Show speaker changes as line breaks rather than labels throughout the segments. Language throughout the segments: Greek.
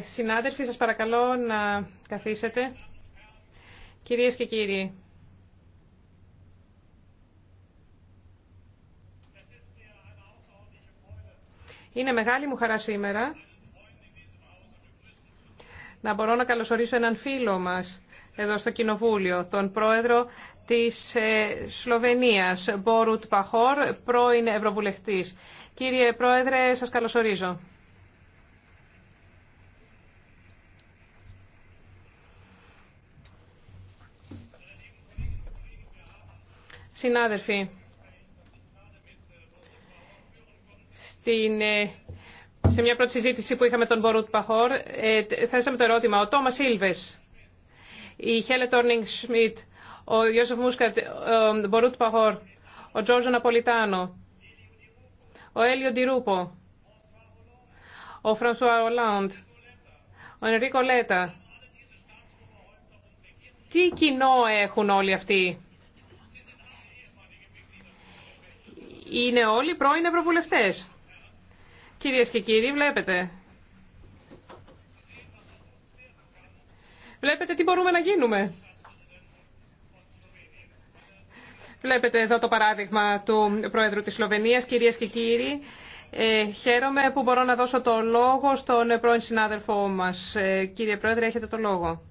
συνάδελφοι, σας παρακαλώ να καθίσετε. Κυρίες και κύριοι, είναι μεγάλη μου χαρά σήμερα να μπορώ να καλωσορίσω έναν φίλο μας εδώ στο Κοινοβούλιο, τον πρόεδρο της ε, Σλοβενίας, Μπόρουτ Παχόρ, πρώην Ευρωβουλευτής. Κύριε Πρόεδρε, σας καλωσορίζω. Συνάδελφοι, ε, σε μια πρώτη συζήτηση που είχαμε τον Μπορούτ Παχόρ, ε, θέσαμε το ερώτημα, ο Τόμας Σίλβες, η Χέλε Τόρνινγκ Σμιτ, ο Ιώσεφ Μούσκατ, ο Μπορούτ Παχόρ, ο Τζόρζο Ναπολιτάνο, ο Έλιο Ντιρούπο, ο Φρανσουά Ολάντ, ο Ενρίκο Λέτα. Τι κοινό έχουν όλοι αυτοί. Είναι όλοι πρώην ευρωβουλευτές. Κυρίες και κύριοι, βλέπετε. Βλέπετε τι μπορούμε να γίνουμε. Βλέπετε εδώ το παράδειγμα του Πρόεδρου της Σλοβενίας, κυρίες και κύριοι. Ε, χαίρομαι που μπορώ να δώσω το λόγο στον πρώην συνάδελφό μας. Ε, κύριε Πρόεδρε, έχετε το λόγο.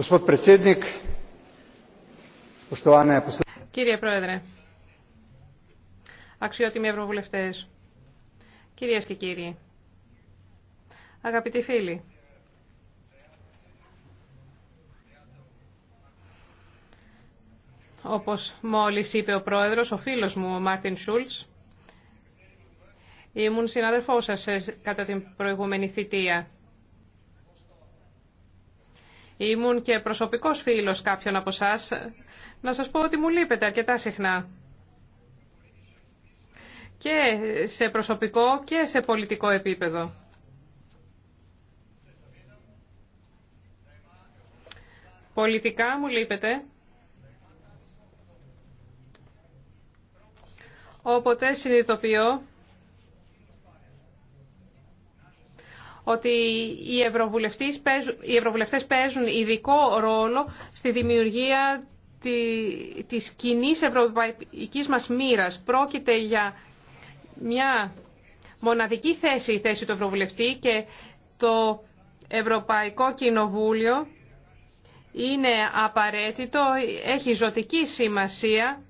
Господ председник, Κύριε Πρόεδρε, αξιότιμοι ευρωβουλευτές, κυρίες και κύριοι, αγαπητοί φίλοι, όπως μόλις είπε ο πρόεδρος, ο φίλος μου, ο Μάρτιν Σούλτς, ήμουν συναδελφός σας κατά την προηγούμενη θητεία. Ήμουν και προσωπικός φίλος κάποιων από σας. Να σας πω ότι μου λείπετε αρκετά συχνά. Και σε προσωπικό και σε πολιτικό επίπεδο. Πολιτικά μου λείπετε. Όποτε συνειδητοποιώ ότι οι ευρωβουλευτές παίζουν, οι ευρωβουλευτές παίζουν ειδικό ρόλο στη δημιουργία της κοινή ευρωπαϊκής μας μοίρας. Πρόκειται για μια μοναδική θέση, η θέση του Ευρωβουλευτή και το Ευρωπαϊκό Κοινοβούλιο είναι απαραίτητο, έχει ζωτική σημασία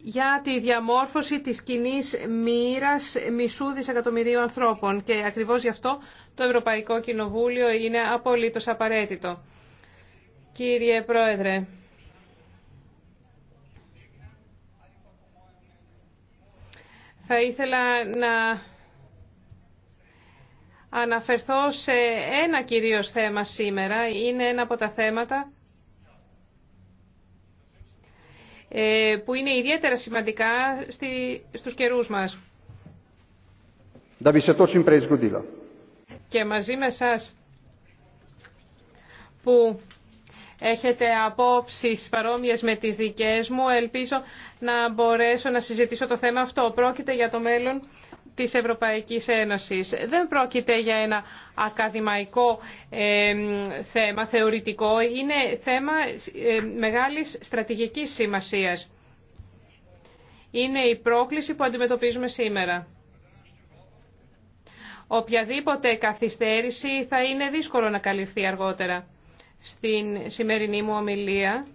για τη διαμόρφωση της κοινή μοίρα μισού δισεκατομμυρίου ανθρώπων. Και ακριβώς γι' αυτό το Ευρωπαϊκό Κοινοβούλιο είναι απολύτως απαραίτητο. Κύριε Πρόεδρε, θα ήθελα να αναφερθώ σε ένα κυρίως θέμα σήμερα. Είναι ένα από τα θέματα ε, που είναι ιδιαίτερα σημαντικά στους καιρούς μας. Και μαζί με σας που Έχετε απόψεις παρόμοιες με τις δικές μου. Ελπίζω να μπορέσω να συζητήσω το θέμα αυτό. Πρόκειται για το μέλλον της Ευρωπαϊκής Ένωσης. Δεν πρόκειται για ένα ακαδημαϊκό θέμα, θεωρητικό. Είναι θέμα ε, μεγάλης στρατηγικής σημασίας. Είναι η πρόκληση που αντιμετωπίζουμε σήμερα. Οποιαδήποτε καθυστέρηση θα είναι δύσκολο να καλυφθεί αργότερα στην σημερινή μου ομιλία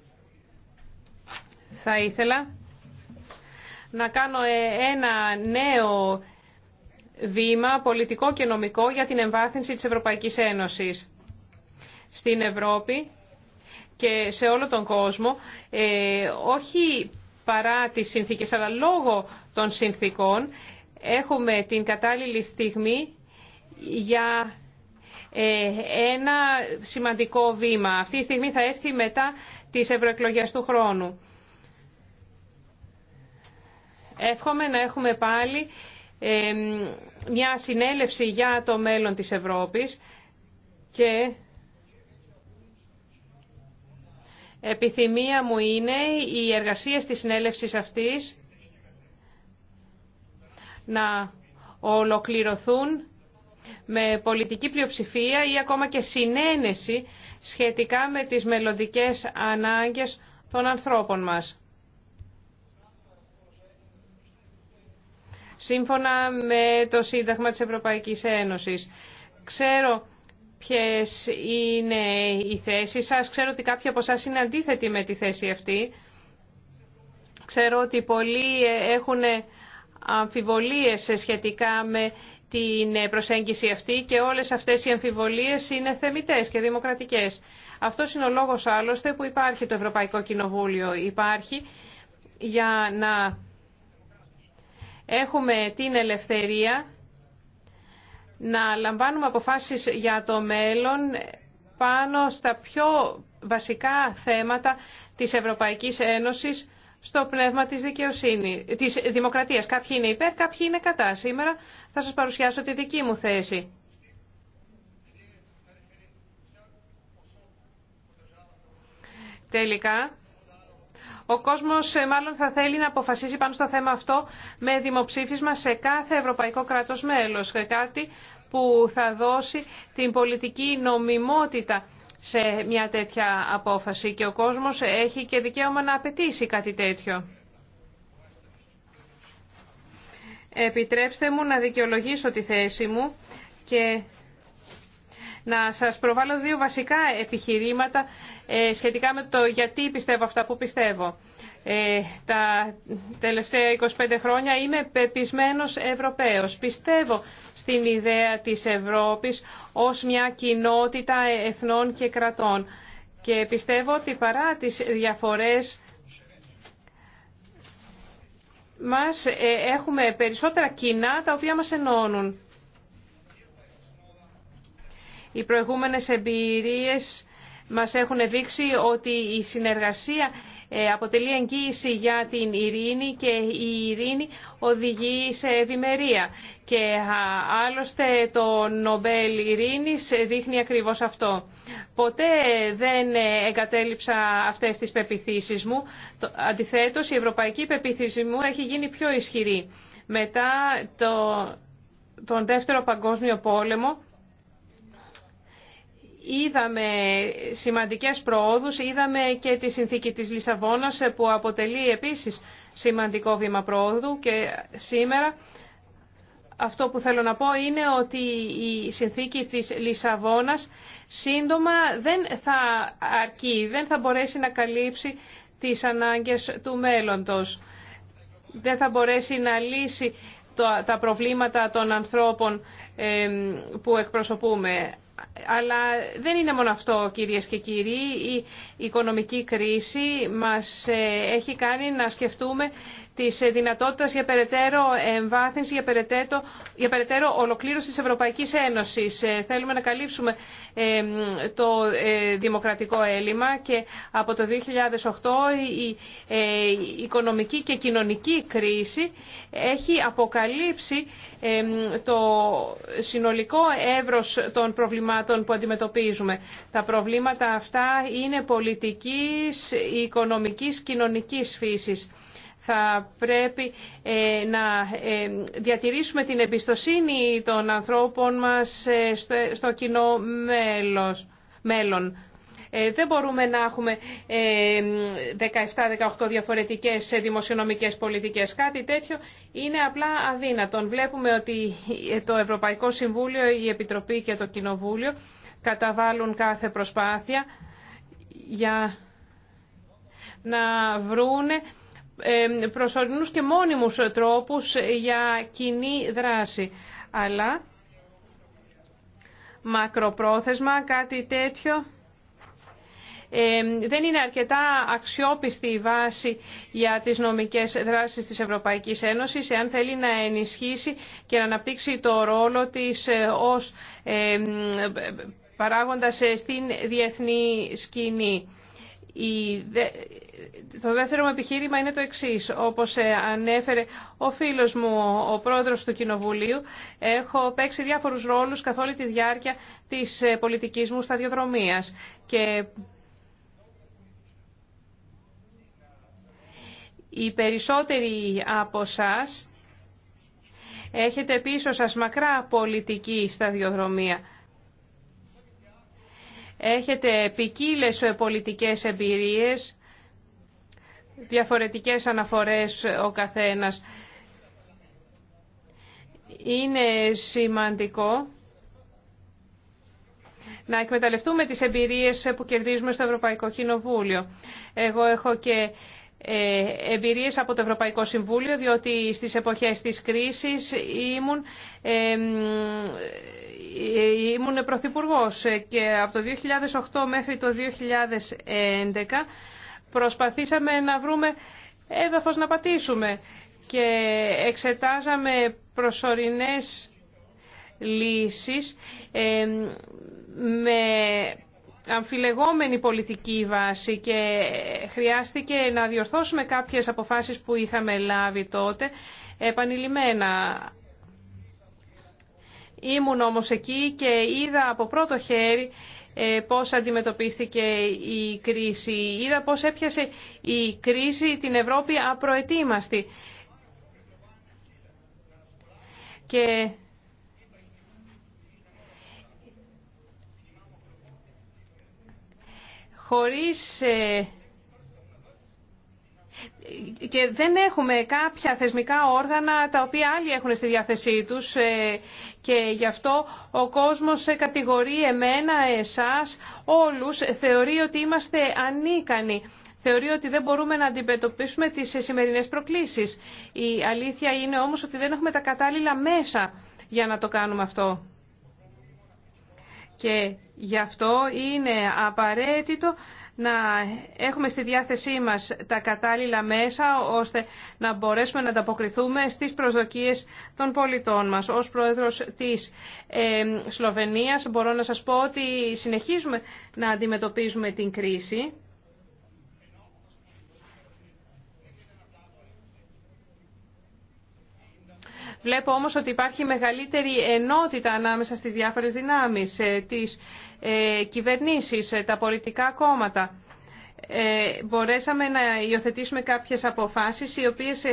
θα ήθελα να κάνω ε, ένα νέο βήμα πολιτικό και νομικό για την εμβάθυνση της Ευρωπαϊκής Ένωσης στην Ευρώπη και σε όλο τον κόσμο, ε, όχι παρά τις συνθήκες αλλά λόγω των συνθήκων έχουμε την κατάλληλη στιγμή για ε, ένα σημαντικό βήμα. Αυτή η στιγμή θα έρθει μετά τις ευρωεκλογές του χρόνου. Εύχομαι να έχουμε πάλι μια συνέλευση για το μέλλον της Ευρώπης και επιθυμία μου είναι οι εργασίες της συνέλευσης αυτής να ολοκληρωθούν με πολιτική πλειοψηφία ή ακόμα και συνένεση σχετικά με τις μελλοντικέ ανάγκες των ανθρώπων μας. Σύμφωνα με το Σύνταγμα της Ευρωπαϊκής Ένωσης. Ξέρω ποιες είναι οι θέσεις σας. Ξέρω ότι κάποιοι από εσάς είναι αντίθετοι με τη θέση αυτή. Ξέρω ότι πολλοί έχουν αμφιβολίες σχετικά με την προσέγγιση αυτή και όλες αυτές οι αμφιβολίες είναι θεμητές και δημοκρατικές. Αυτό είναι ο λόγος άλλωστε που υπάρχει το Ευρωπαϊκό Κοινοβούλιο. Υπάρχει για να έχουμε την ελευθερία να λαμβάνουμε αποφάσεις για το μέλλον πάνω στα πιο βασικά θέματα της Ευρωπαϊκής Ένωσης στο πνεύμα της, δικαιοσύνη, της δημοκρατίας. Κάποιοι είναι υπέρ, κάποιοι είναι κατά. Σήμερα θα σας παρουσιάσω τη δική μου θέση. Τελικά, ο κόσμος ε, μάλλον θα θέλει να αποφασίσει πάνω στο θέμα αυτό με δημοψήφισμα σε κάθε ευρωπαϊκό κράτος μέλος. Ε, κάτι που θα δώσει την πολιτική νομιμότητα σε μια τέτοια απόφαση και ο κόσμος έχει και δικαίωμα να απαιτήσει κάτι τέτοιο. Επιτρέψτε μου να δικαιολογήσω τη θέση μου και να σας προβάλλω δύο βασικά επιχειρήματα ε, σχετικά με το γιατί πιστεύω αυτά που πιστεύω. Ε, τα τελευταία 25 χρόνια είμαι πεπισμένος Ευρωπαίος. Πιστεύω στην ιδέα της Ευρώπης ως μια κοινότητα εθνών και κρατών. Και πιστεύω ότι παρά τις διαφορές μας ε, έχουμε περισσότερα κοινά τα οποία μας ενώνουν. Οι προηγούμενες εμπειρίες μας έχουν δείξει ότι η συνεργασία ε, αποτελεί εγγύηση για την ειρήνη και η ειρήνη οδηγεί σε ευημερία. Και άλλωστε το Νομπέλ Ειρήνης δείχνει ακριβώς αυτό. Ποτέ δεν εγκατέλειψα αυτές τις πεπιθήσεις μου. Αντιθέτως, η ευρωπαϊκή πεπιθήση μου έχει γίνει πιο ισχυρή. Μετά το, τον Δεύτερο Παγκόσμιο Πόλεμο, Είδαμε σημαντικές προόδους, είδαμε και τη συνθήκη της Λισαβόνας που αποτελεί επίσης σημαντικό βήμα προόδου και σήμερα αυτό που θέλω να πω είναι ότι η συνθήκη της Λισαβόνας σύντομα δεν θα αρκεί, δεν θα μπορέσει να καλύψει τις ανάγκες του μέλλοντος. Δεν θα μπορέσει να λύσει τα προβλήματα των ανθρώπων που εκπροσωπούμε. Αλλά δεν είναι μόνο αυτό, κυρίες και κύριοι. Η οικονομική κρίση μας ε, έχει κάνει να σκεφτούμε τις ε, δυνατότητες για περαιτέρω εμβάθυνση, για περαιτέρω, ολοκλήρωση της Ευρωπαϊκής Ένωσης. Ε, θέλουμε να καλύψουμε το δημοκρατικό έλλειμμα και από το 2008 η οικονομική και κοινωνική κρίση έχει αποκαλύψει το συνολικό εύρος των προβλημάτων προβλημάτων που αντιμετωπίζουμε. Τα προβλήματα αυτά είναι πολιτικής, οικονομικής, κοινωνικής φύσης. Θα πρέπει ε, να ε, διατηρήσουμε την εμπιστοσύνη των ανθρώπων μας ε, στο κοινό μέλος, μέλλον. Ε, δεν μπορούμε να έχουμε 17-18 ε, διαφορετικές δημοσιονομικές πολιτικές. Κάτι τέτοιο είναι απλά αδύνατον. Βλέπουμε ότι το Ευρωπαϊκό Συμβούλιο, η Επιτροπή και το Κοινοβούλιο καταβάλουν κάθε προσπάθεια για να βρούνε προσωρινούς και μόνιμους τρόπους για κοινή δράση. Αλλά μακροπρόθεσμα κάτι τέτοιο δεν είναι αρκετά αξιόπιστη η βάση για τις νομικές δράσεις της Ευρωπαϊκής Ένωσης εάν θέλει να ενισχύσει και να αναπτύξει το ρόλο της ε, ως παράγοντας ε, στην διεθνή σκηνή. Το δεύτερο μου επιχείρημα είναι το εξής. Όπως ε, ανέφερε ο φίλος μου, ο πρόεδρος του Κοινοβουλίου, έχω παίξει διάφορους ρόλους καθ' όλη τη διάρκεια της πολιτικής μου σταδιοδρομίας. Οι περισσότεροι από εσά έχετε πίσω σας μακρά πολιτική σταδιοδρομία. Έχετε ποικίλε πολιτικές εμπειρίες, διαφορετικές αναφορές ο καθένας. Είναι σημαντικό να εκμεταλλευτούμε τις εμπειρίες που κερδίζουμε στο Ευρωπαϊκό Κοινοβούλιο. Εγώ έχω και ε, εμπειρίες από το Ευρωπαϊκό Συμβούλιο, διότι στις εποχές της κρίσης ήμουν, ε, ήμουν πρωθυπουργός και από το 2008 μέχρι το 2011 προσπαθήσαμε να βρούμε έδαφος να πατήσουμε και εξετάζαμε προσωρινές λύσεις ε, με αμφιλεγόμενη πολιτική βάση και χρειάστηκε να διορθώσουμε κάποιες αποφάσεις που είχαμε λάβει τότε επανειλημμένα. Ήμουν όμως εκεί και είδα από πρώτο χέρι ε, πώς αντιμετωπίστηκε η κρίση. Είδα πώς έπιασε η κρίση την Ευρώπη απροετοίμαστη. Και χωρίς ε, και δεν έχουμε κάποια θεσμικά όργανα τα οποία άλλοι έχουν στη διάθεσή τους ε, και γι' αυτό ο κόσμος κατηγορεί εμένα, εσάς, όλους, θεωρεί ότι είμαστε ανίκανοι. Θεωρεί ότι δεν μπορούμε να αντιμετωπίσουμε τις σημερινές προκλήσεις. Η αλήθεια είναι όμως ότι δεν έχουμε τα κατάλληλα μέσα για να το κάνουμε αυτό. Και Γι' αυτό είναι απαραίτητο να έχουμε στη διάθεσή μας τα κατάλληλα μέσα ώστε να μπορέσουμε να ανταποκριθούμε στις προσδοκίες των πολιτών μας. Ως Πρόεδρος της ε, Σλοβενίας μπορώ να σας πω ότι συνεχίζουμε να αντιμετωπίζουμε την κρίση Βλέπω όμως ότι υπάρχει μεγαλύτερη ενότητα ανάμεσα στις διάφορες δυνάμεις, ε, τις ε, κυβερνήσεις, ε, τα πολιτικά κόμματα. Μπορέσαμε να υιοθετήσουμε κάποιες αποφάσεις οι οποίες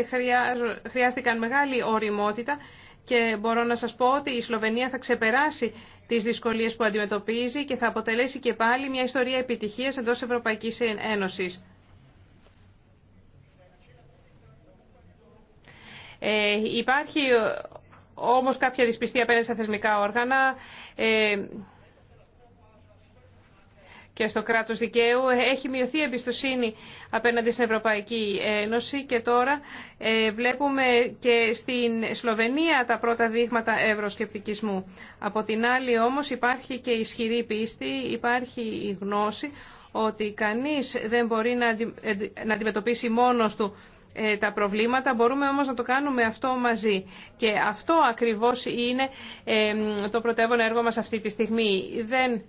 χρειάστηκαν μεγάλη οριμότητα και μπορώ να σας πω ότι η Σλοβενία θα ξεπεράσει τις δυσκολίες που αντιμετωπίζει και θα αποτελέσει και πάλι μια ιστορία επιτυχίας εντός Ευρωπαϊκής Ένωσης. Ε, υπάρχει όμως κάποια δυσπιστία απέναντι στα θεσμικά όργανα ε, και στο κράτος δικαίου. Έχει μειωθεί η εμπιστοσύνη απέναντι στην Ευρωπαϊκή Ένωση και τώρα ε, βλέπουμε και στην Σλοβενία τα πρώτα δείγματα ευρωσκεπτικισμού. Από την άλλη όμως υπάρχει και ισχυρή πίστη, υπάρχει η γνώση ότι κανείς δεν μπορεί να αντιμετωπίσει μόνος του ε, τα προβλήματα, μπορούμε όμως να το κάνουμε αυτό μαζί. Και αυτό ακριβώς είναι το πρωτεύον έργο μας αυτή τη στιγμή. Δεν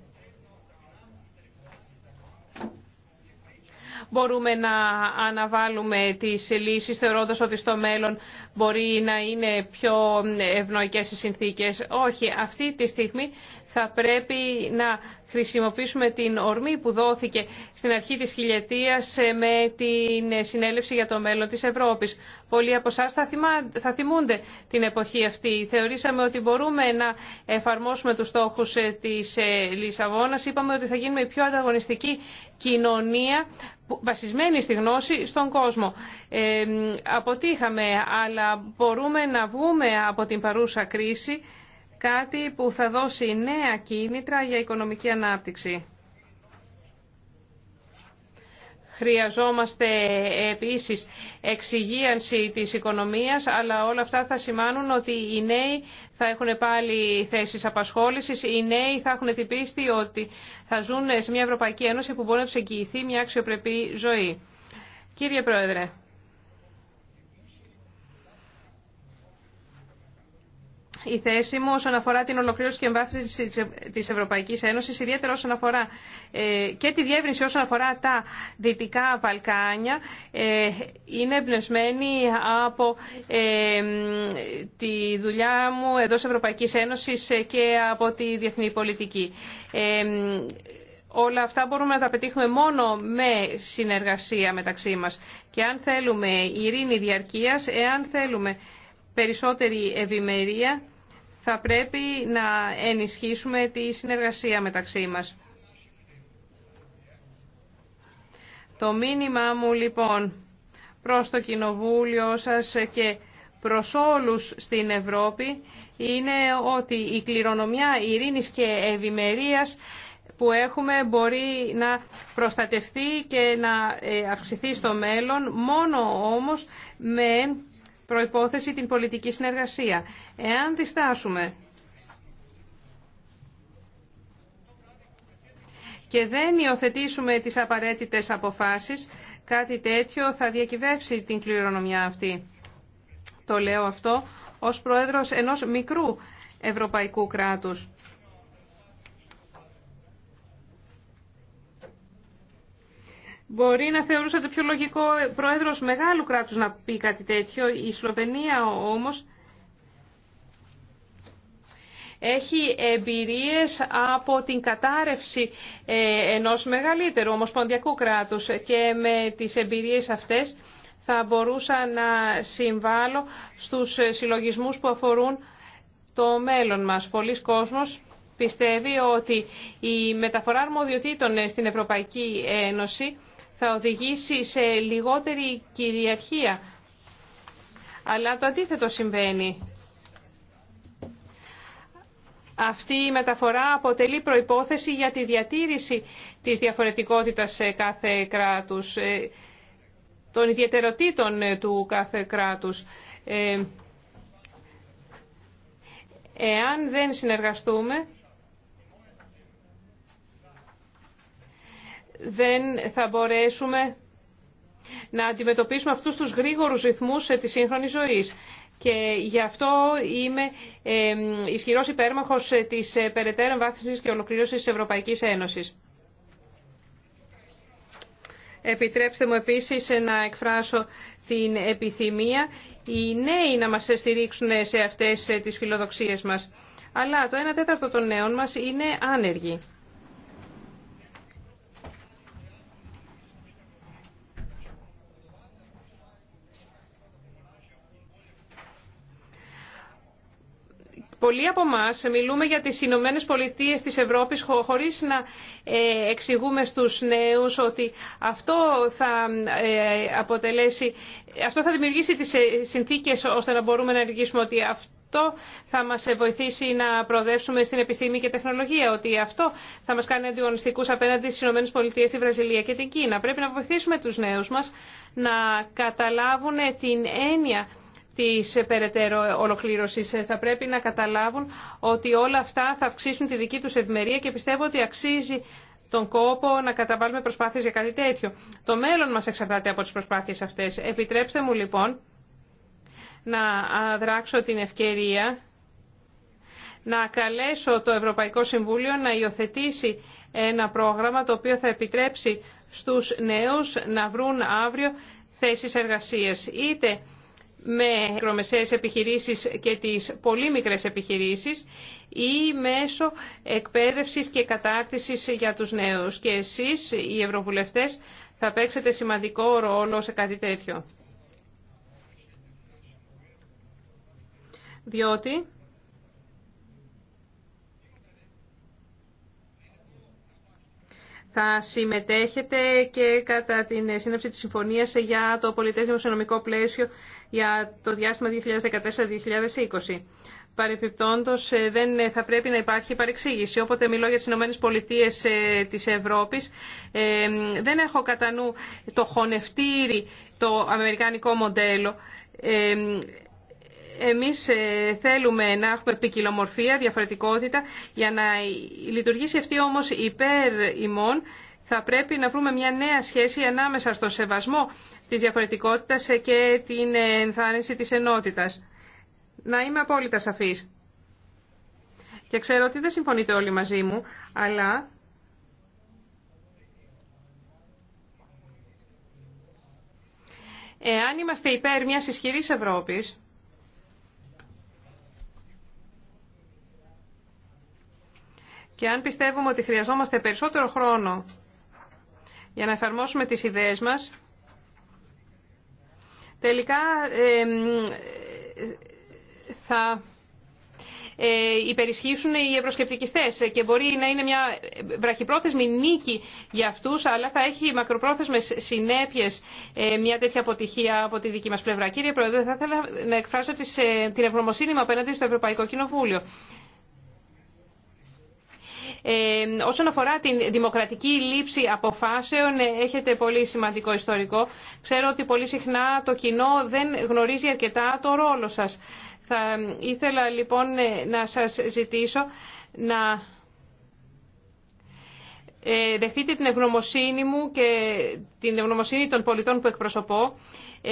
μπορούμε να αναβάλουμε τις λύσεις θεωρώντας ότι στο μέλλον μπορεί να είναι πιο ευνοϊκές οι συνθήκες. Όχι, αυτή τη στιγμή θα πρέπει να χρησιμοποιήσουμε την ορμή που δόθηκε στην αρχή της χιλιετίας με την συνέλευση για το μέλλον της Ευρώπης. Πολλοί από εσά θα θυμούνται την εποχή αυτή. Θεωρήσαμε ότι μπορούμε να εφαρμόσουμε τους στόχους της Λισαβόνας. Είπαμε ότι θα γίνουμε πιο ανταγωνιστική κοινωνία βασισμένη στη γνώση στον κόσμο. Ε, αποτύχαμε, αλλά μπορούμε να βγούμε από την παρούσα κρίση κάτι που θα δώσει νέα κίνητρα για οικονομική ανάπτυξη. Χρειαζόμαστε επίσης εξυγίανση της οικονομίας, αλλά όλα αυτά θα σημάνουν ότι οι νέοι θα έχουν πάλι θέσεις απασχόλησης, οι νέοι θα έχουν την πίστη ότι θα ζουν σε μια Ευρωπαϊκή Ένωση που μπορεί να τους εγγυηθεί μια αξιοπρεπή ζωή. Κύριε Πρόεδρε, η θέση μου όσον αφορά την ολοκλήρωση και εμβάθυνση της Ευρωπαϊκής Ένωσης, ιδιαίτερα όσον αφορά ε, και τη διεύρυνση όσον αφορά τα Δυτικά Βαλκάνια, ε, είναι εμπνευσμένη από ε, τη δουλειά μου εντό Ευρωπαϊκής Ένωσης και από τη διεθνή πολιτική. Όλα αυτά μπορούμε να τα πετύχουμε μόνο με συνεργασία μεταξύ μας. Και αν θέλουμε ειρήνη διαρκείας, εάν θέλουμε περισσότερη ευημερία, θα πρέπει να ενισχύσουμε τη συνεργασία μεταξύ μας. Το μήνυμά μου λοιπόν προς το Κοινοβούλιο σας και προς όλους στην Ευρώπη είναι ότι η κληρονομιά ειρήνης και ευημερίας που έχουμε μπορεί να προστατευτεί και να ε, αυξηθεί στο μέλλον, μόνο όμως με προϋπόθεση την πολιτική συνεργασία. Εάν διστάσουμε και δεν υιοθετήσουμε τις απαραίτητες αποφάσεις, κάτι τέτοιο θα διακυβεύσει την κληρονομιά αυτή. Το λέω αυτό ως πρόεδρος ενός μικρού ευρωπαϊκού κράτους. Μπορεί να θεωρούσατε πιο λογικό πρόεδρος μεγάλου κράτους να πει κάτι τέτοιο. Η Σλοβενία όμως έχει εμπειρίες από την κατάρρευση ε, ενός μεγαλύτερου ομοσπονδιακού κράτους και με τις εμπειρίες αυτές θα μπορούσα να συμβάλλω στους συλλογισμούς που αφορούν το μέλλον μας. Πολλοί κόσμος πιστεύει ότι η μεταφορά αρμοδιοτήτων στην Ευρωπαϊκή Ένωση θα οδηγήσει σε λιγότερη κυριαρχία. Αλλά το αντίθετο συμβαίνει. Αυτή η μεταφορά αποτελεί προϋπόθεση για τη διατήρηση της διαφορετικότητας σε κάθε κράτους, ε, των ιδιαιτεροτήτων ε, του κάθε κράτους. Ε, εάν δεν συνεργαστούμε, δεν θα μπορέσουμε να αντιμετωπίσουμε αυτούς τους γρήγορους ρυθμούς τη σύγχρονη ζωής. Και γι' αυτό είμαι ισχυρός υπέρμαχος της ε, περαιτέρω εμβάθυνσης και ολοκλήρωσης της Ευρωπαϊκής Ένωσης. Επιτρέψτε μου επίσης να εκφράσω την επιθυμία οι νέοι να μας στηρίξουν σε αυτές ε, τις φιλοδοξίες μας. Αλλά το 1 τέταρτο των νέων μας είναι άνεργοι. πολλοί από εμά μιλούμε για τις Ηνωμένε Πολιτείε της Ευρώπης χωρίς να ε, εξηγούμε στους νέους ότι αυτό θα ε, αποτελέσει, αυτό θα δημιουργήσει τις ε, συνθήκες ώστε να μπορούμε να ενεργήσουμε ότι αυτό θα μας βοηθήσει να προοδεύσουμε στην επιστήμη και τεχνολογία, ότι αυτό θα μας κάνει αντιγωνιστικούς απέναντι στις Ηνωμένε Πολιτείε τη Βραζιλία και την Κίνα. Πρέπει να βοηθήσουμε τους νέους μας να καταλάβουν την έννοια της ε, περαιτέρω ε, ολοκλήρωσης. Ε, θα πρέπει να καταλάβουν ότι όλα αυτά θα αυξήσουν τη δική τους ευημερία και πιστεύω ότι αξίζει τον κόπο να καταβάλουμε προσπάθειες για κάτι τέτοιο. Το μέλλον μας εξαρτάται από τις προσπάθειες αυτές. Επιτρέψτε μου λοιπόν να δράξω την ευκαιρία να καλέσω το Ευρωπαϊκό Συμβούλιο να υιοθετήσει ένα πρόγραμμα το οποίο θα επιτρέψει στους νέους να βρουν αύριο θέσεις εργασίας. Είτε με μικρομεσαίες επιχειρήσεις και τις πολύ μικρές επιχειρήσεις ή μέσω εκπαίδευσης και κατάρτισης για τους νέους. Και εσείς, οι Ευρωβουλευτές, θα παίξετε σημαντικό ρόλο σε κάτι τέτοιο. Διότι θα συμμετέχετε και κατά την σύνοψη της συμφωνίας για το πολιτές δημοσιονομικό πλαίσιο για το διάστημα 2014-2020. Παρεπιπτόντως ε, δεν θα πρέπει να υπάρχει παρεξήγηση. Όποτε μιλώ για τις ΗΠΑ Πολιτείες ε, της Ευρώπης ε, δεν έχω κατά νου το χωνευτήρι το αμερικανικό μοντέλο εμείς ε, θέλουμε να έχουμε ποικιλομορφία, διαφορετικότητα. Για να λειτουργήσει αυτή όμως υπέρ ημών, θα πρέπει να βρούμε μια νέα σχέση ανάμεσα στο σεβασμό της διαφορετικότητας και την ενθάρρυνση της ενότητας. Να είμαι απόλυτα σαφής. Και ξέρω ότι δεν συμφωνείτε όλοι μαζί μου, αλλά εάν είμαστε υπέρ μιας ισχυρής Ευρώπης, Και αν πιστεύουμε ότι χρειαζόμαστε περισσότερο χρόνο για να εφαρμόσουμε τις ιδέες μας, τελικά θα ε, υπερισχύσουν οι ευρωσκεπτικιστές και μπορεί να είναι μια βραχυπρόθεσμη νίκη για αυτούς, αλλά θα έχει μακροπρόθεσμες συνέπειες ε, μια τέτοια αποτυχία από τη δική μας πλευρά. Κύριε Πρόεδρε, θα ήθελα να εκφράσω τις, ε, την ευγνωμοσύνη μου απέναντι στο Ευρωπαϊκό Κοινοβούλιο. Ε, όσον αφορά την δημοκρατική λήψη αποφάσεων, ε, έχετε πολύ σημαντικό ιστορικό. Ξέρω ότι πολύ συχνά το κοινό δεν γνωρίζει αρκετά το ρόλο σας. Θα ήθελα λοιπόν ε, να σας ζητήσω να δεχτείτε την ευγνωμοσύνη μου και την ευγνωμοσύνη των πολιτών που εκπροσωπώ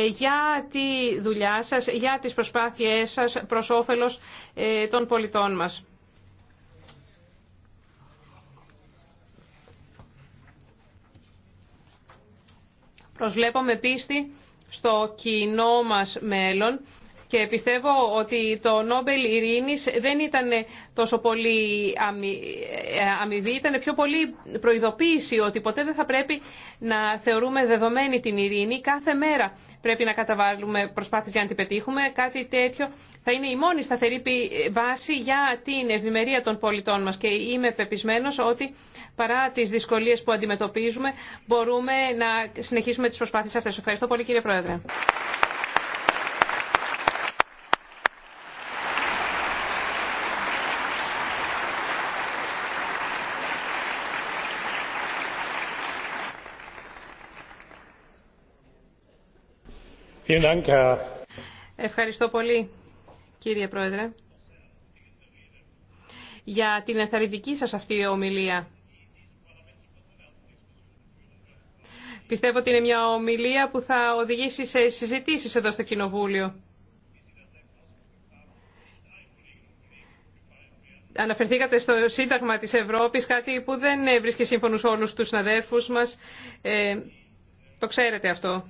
για τη δουλειά σας, για τις προσπάθειές σας προς όφελος των πολιτών μας. Προσβλέπω με πίστη στο κοινό μας μέλλον και πιστεύω ότι το Νόμπελ Ειρηνή δεν ήταν τόσο πολύ ε, αμοιβή, ήταν πιο πολύ προειδοποίηση ότι ποτέ δεν θα πρέπει να θεωρούμε δεδομένη την ειρήνη. Κάθε μέρα πρέπει να καταβάλουμε προσπάθειες για να την πετύχουμε. Κάτι τέτοιο θα είναι η μόνη σταθερή βάση για την ευημερία των πολιτών μας και είμαι πεπισμένος ότι παρά τις δυσκολίες που αντιμετωπίζουμε μπορούμε να συνεχίσουμε τις προσπάθειες αυτές. Ευχαριστώ πολύ κύριε Πρόεδρε. Ευχαριστώ πολύ, κύριε Πρόεδρε, για την ενθαρρυντική σας αυτή ομιλία. Πιστεύω ότι είναι μια ομιλία που θα οδηγήσει σε συζητήσεις εδώ στο Κοινοβούλιο. Αναφερθήκατε στο Σύνταγμα της Ευρώπης, κάτι που δεν βρίσκει σύμφωνο όλους τους συναδέρφους μας. Ε, το ξέρετε αυτό.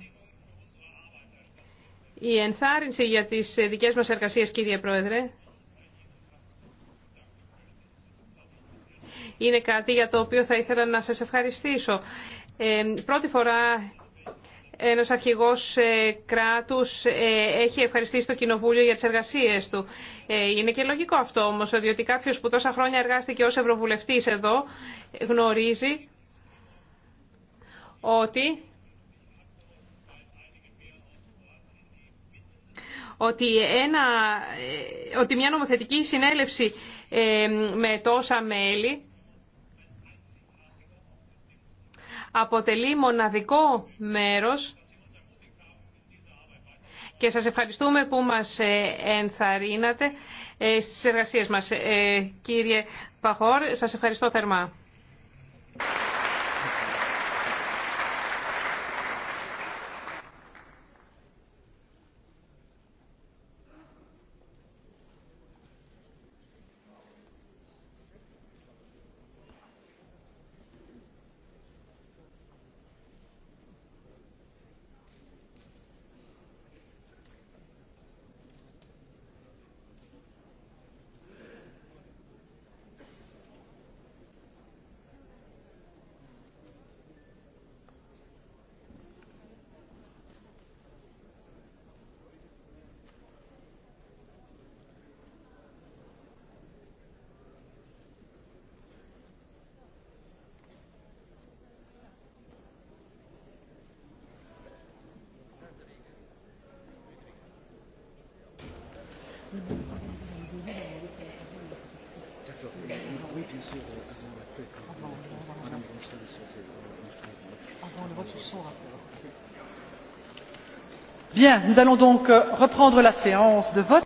Η ενθάρρυνση για τις δικές μας εργασίες, κύριε Πρόεδρε, είναι κάτι για το οποίο θα ήθελα να σας ευχαριστήσω. Ε, πρώτη φορά ένας αρχηγός ε, κράτους ε, έχει ευχαριστήσει το Κοινοβούλιο για τις εργασίες του. Είναι και λογικό αυτό όμως, διότι κάποιος που τόσα χρόνια εργάστηκε ως Ευρωβουλευτής εδώ γνωρίζει ότι ότι, ε, ότι μια νομοθετική συνέλευση ε, με τόσα μέλη αποτελεί μοναδικό μέρος και σας ευχαριστούμε που μας ε, ενθαρρύνατε στις εργασίες μας. Κύριε Παχόρ, σας ευχαριστώ θερμά. son rapport. Bien, nous allons donc reprendre la séance de vote.